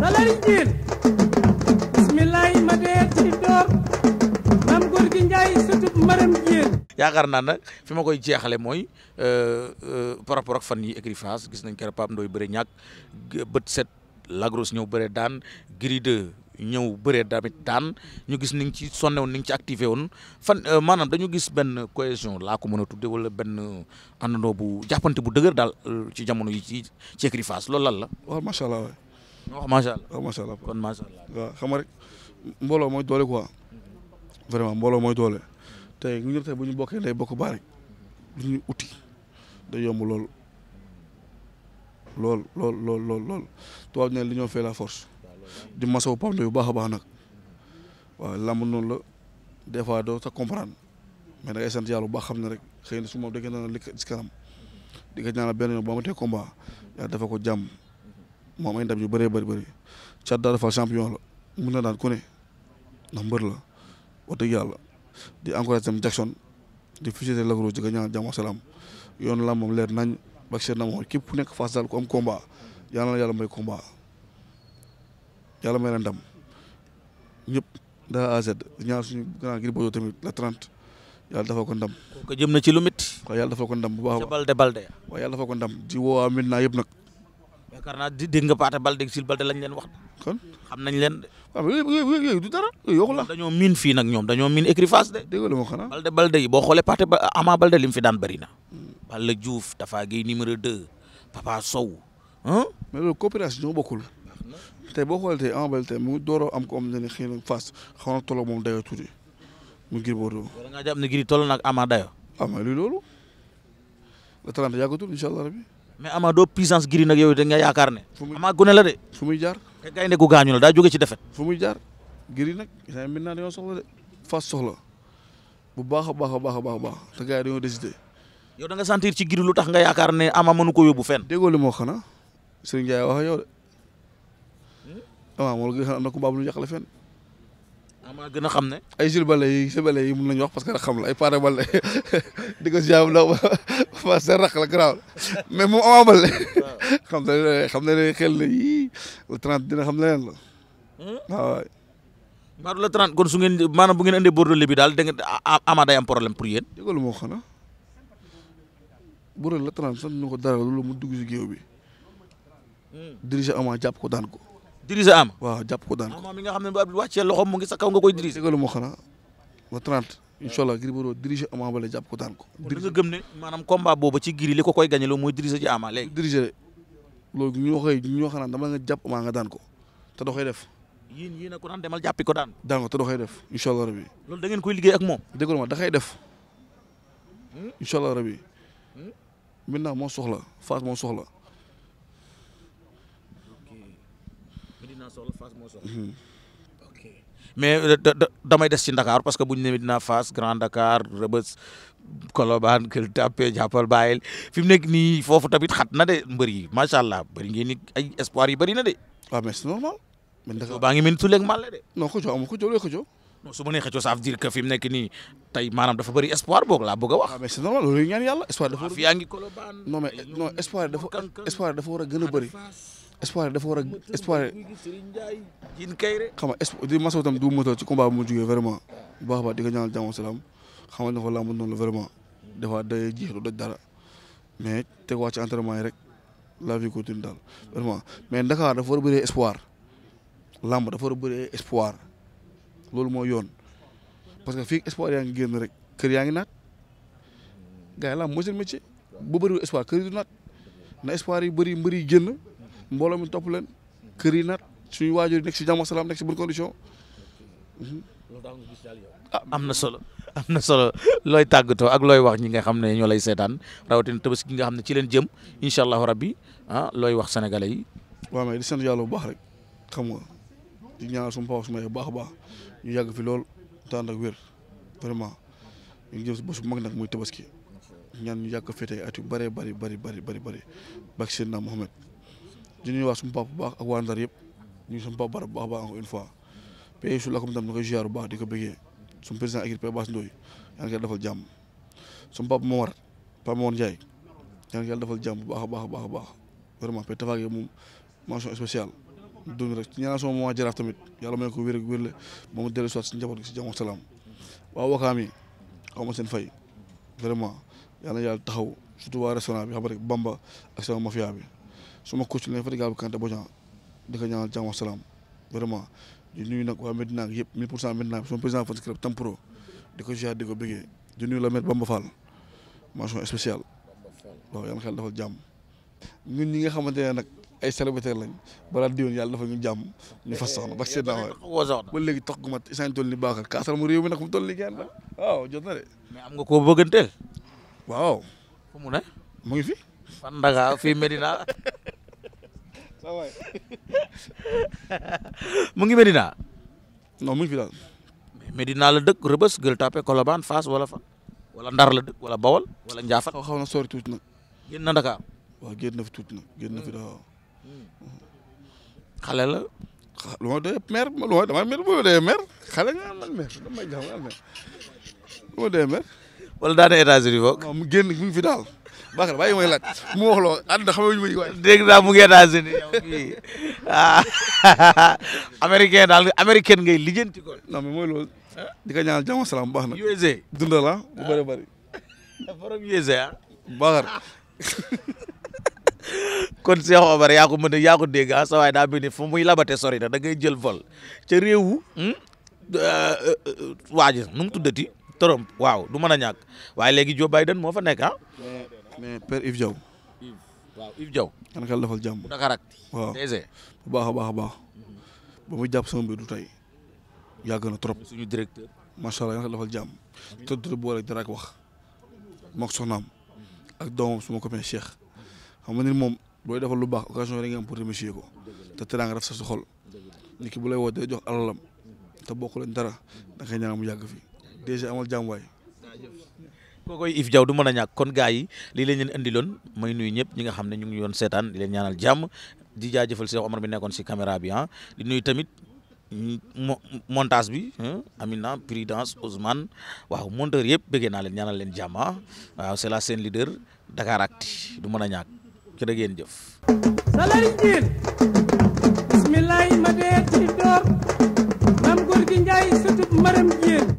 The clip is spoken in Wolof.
salay jiin bismillahi naa nag fi ma koy jeexale mooy euh, euh, par rapport ak fan yi écrit face gis nañ kere Pape Ndoye bëre ñàkk bët set lagros ñëw bëre daan gri de ñëw bëree damit daan ñu gis ni ci sonné woon ni ci activé woon fan euh, maanaam dañu gis benn cohésion laa ko mën a tudde wala benn àndandoo bu jàppante bu dëgër daal ci jamono yi ci ci écrit face loolu lan la. waaw macha allah wax macha allah waaw ah, macha allah kon macha allah waaw xam nga rek mbooloo mooy doole quoi vraiment mbooloo mooy doole tey ñu ñëpp tey bu ñu bokkee lay bokk baare lu ñuy uti day yomb lool lool lool lool lool lool tubaab ne li ñoo fee la force di masawu pam yu baax a baax nag waaw lamb noonu la des fois doo sa comprendre mais da ngay sant yàlla baax xam ne rek xëy na su ma dëgg na li ci kanam di ko ñaanal benn yoon boo amatee combat yàlla dafa ko jàmm moom ay ndam yu bëree bëri bëri Thiat Daouda Fall champion la mun na daan ku ne ndax mbër la wax dëgg yàlla di encouragé tam Jackson di fusiter Lac Rose di ko ñaan jàmm salaam yoon la moom leer nañ bak seet na moom képp ku nekk Fass daal ku am combat yàlla na yàlla may combat yàlla may la ndam ñëpp daa AZ ñaar suñu grand ngir bojoo tamit la 30 yàlla dafa ko ndam. kooku jëm na ci lu mit. waaw yàlla dafa ko ndam bu baax a baax balde balde. waaw yàlla dafa ko ndam di woo waa Medina yëpp nag. karena naa di dégg nga bal Baldé Sil Baldé lañ len wax. kon xam nañ len de. waaw ah, du dara yooyu yokku la. dañu min fi nak ñom dañu min écrit face de. dégg mo xana bal de bal de bo xolé Paate ama bal de lim fi daan bari na. bal le Diouf dafa gey numéro 2 Papa Sow. hein mais le coopération bokul té bo boo té en bal té mu doro am ko am na ne xëy na Fass xaw na tolloo moom mu gir bo do nga jàpp ne gir tolo nak Ama dayo ama ah, li lolu loolu. tan da yàggatul inshallah rabbi mais Ama doo puissance Gris nag yow da nga yaakaar ne. fu muy la de. fu muy jaar te gaynde gu gaañu daa jóge ci defet fu muy jaar Gris nag isaan mën naa dañoo soxla de fas soxla bu baax a baax a baax a baax te gars yi dañoo yow da nga sentir ci Gris lu tax nga yaakaar ne Ama mënu ko yóbbu fenn. déggoo li moo xanaa Serigne Ndiaye wax ak yow de hmm? Ama moo la gën a xam ne ku baax lu ñu ama gën a xam ne. ay jul bale yi si bale yi mun nañu wax parce que rek xam la ay paare bale di ko jaamu ndaw ba ba sa la garaaw mais moom amaa bale xam na ne xam na ne xel na dina xam leneen la waaw hmm? ah, waay. su ngeen maanaam bu ngeen andee bi daal da ngeen ama day am problème pour yéen. déggoo lu dugg si géew bi hmm. diriger ama jàpp ko daan ko. diriger Ama. waaw jàpp ko daan ko Ama mi xam ne bu Abdou wàccee loxoom mu ngi sa kaw nga koy diriger. dëgg la mu xanaa ba 30. incha allah Gris Bordeaux diriger Ama jàpp ko daan ko. diriger kon nga gëm ne maanaam combat boobu ci loo mooy diriger ci Ama léegi. dama nga jàpp Ama nga daan ko te doxee def. yéen yéen a ko naan demal jàppi ko daan. daan ko te doxee loolu da ngeen koy liggéey ak moom. dëgg la ma da koy def hmm? incha allah rabi hmm? maintenant moo soxla Fass moo soxla Medina soxla Fass moo soxla. Mhm. ok mais damay des ci Dakar parce que bu ñu nee Medina Fass Grand Dakar Rebeuss Colobane Gueule Tapée jàppal bàyyil fi nekk nii foofu tamit xat na de mbër yi macha allah bëri ngeen ni ay espoir yi bëri na de. waaw baa ngi mel ni Tulle ak de. non xëccoo amul xëccoo looy xëccoo. non su ma nee xëccoo ça veut dire que fi mu nekk nii tey maanaam dafa bëri espoir boog laa bëgg a wax. waaw mais c'est normal loolu ñaan yàlla espoir dafa. war a gën a espoir dafa war a espoir xam nga di masawu tam du moto mu jugee vraiment bu baax a baax di ko ñaanal jàmm salaam xam nga dafa noonu la vraiment dafa day jeex du dara mais teg waa ci entraînement yi rek la vie continue daal mais Dakar dafa war a bëree espoir làmb dafa war a espoir loolu moo yoon parce que fii espoir yaa ngi génn rek kër yaa ngi naat ga yi làmb mooy seen métier bu bëriwul espoir kër yi du naat na espoir yi bëri mbëri mbooloo mi topp leen kër yi naat suñu waajur yi nekk si jàmm salaam nekk si bonne condition. Ah, am na solo am na solo looy tàggatoo ak looy wax ñi nga xam ne ñoo lay seetaan rawatin tabaski gi nga xam ne ci leen jëm incha allahu rabbi ah looy wax sénégalais yi. waaw mais di sant yàlla bu baax rek xam nga di suma papa suma baax a baax ñu yàgg fi lool tànn ak wér vraiment ñu ngi jëm si bés bu mag nag muy tabaski ñaan ñu yàgg ko at yu bëree bëri bëri bëri bëri bëri bak seen naa Mohamed di nuyu waa suñu papa bu baax ak waa Ndar yëpp ñu suñu papa bara bu baax baax une fois pay su lakom tam ñu koy ziar bu baax di ko bëggee président équipe Père Bass Ndoye dafal yàlla defal pap mo war pa mo won jay yalla yàlla dafal jàmm bu baax baax baax baax vraiment pe Tafaage mom mention spécial dund rek ci ñaanal sama maman jaraf tamit yalla may ko wër ak wérle ba mu dellu soit ci njaboot ci si salam wa wakami xawma sen fay vraiment yalla yalla taxaw surtout wa restaurant bi xam rek Bamba ak sama mafia bi suma coach lañ Fatick Kanté Bodian di ko ñaanal jàmm ak salaam vraiment di nuyu nag waa Medina yëpp 1000 pour cent Medina bi sama président fan club Tampro di ko ziar di ko bëggee di nuyu waaw yàlla nga xamante ne nag ay célibataire lañ balaa diwoon yàlla dafa ñu jàmm ñu fas soxna bak seet naa léegi tax gu mat isaan toll ni baaxal kaasal waaw jot mais am nga koo bëgganteel waaw fu mu ne mu ngi fi fan Dakar fii Medina mu ngi Medina. non mu ngi fi daal. Medina la dëkk Rëbës Gueule Tapée Colobane Fass wala fa wala Ndar la dëkk wala Bawol wala Ndiaffate. xaw na sori tuuti nag. génn na Dakar. waaw génn na fi tuuti nag génn na fi daal. xale la. lu ma doyee mer lu ma damay mer bu ma doyee mer wala daane États-Unis boog. non mu génn mu daal baax na bàyyi may laaj mu wax loo àdduna mu ngi unis yow daal américain ngay lijjanti ko. non mais mooy loolu di salaam baax na. USA dundal ah bu bëri ah. kon Cheikh Omar yaa ko mën a yaa ko dégg ah sa waay daa mel sori na da ngay jël vol ca réewu hmm? euh, euh, euh, waa ji tuddati. Trump waaw du man a ñàkk waaye léegi Joe Biden moo fa nekk ah? mais per Yves Diaw. waaw Yves Diaw. kan xel bu baax a baax a baax. Mhm. ba muy jàpp sama mbir du tey yàgg na trop. suñu directeur. macha allah kan xel dafal jàmm. Mhm. te du boole dara ak wax. mook soxnaam. Mhm. ak doomam suma copain Cheikh. xam nga ni moom booy defal lu baax occasion rek nga am pour remercier ko. te teraanga raf sa soxol xol. nit ki bu lay woo day jox alalam. te bokk lañ dara da ngay ñaan mu yàgg fi. DG amal jàmm waay. kookoy Yves Diaw du mën a ñàkk kon gars yi lii lañ leen indiloon may nuyu ñëpp ñi nga xam ne ñu ngi yoon seetaan di leen ñaanal jàmm di jaajëfal Cheikh Omar bi nekkoon si caméra bi ah di nuyu tamit bi Amina Prudence Ousmane waaw monteur yëpp bëggee naa leen ñaanal leen jàmm ah waaw c'est la seen leader Dakaractu du mën a ñàkk ki da ngeen jëf salari jiin bismillahi ma dee ci door maam góor gi Njaay sëtub maram jiin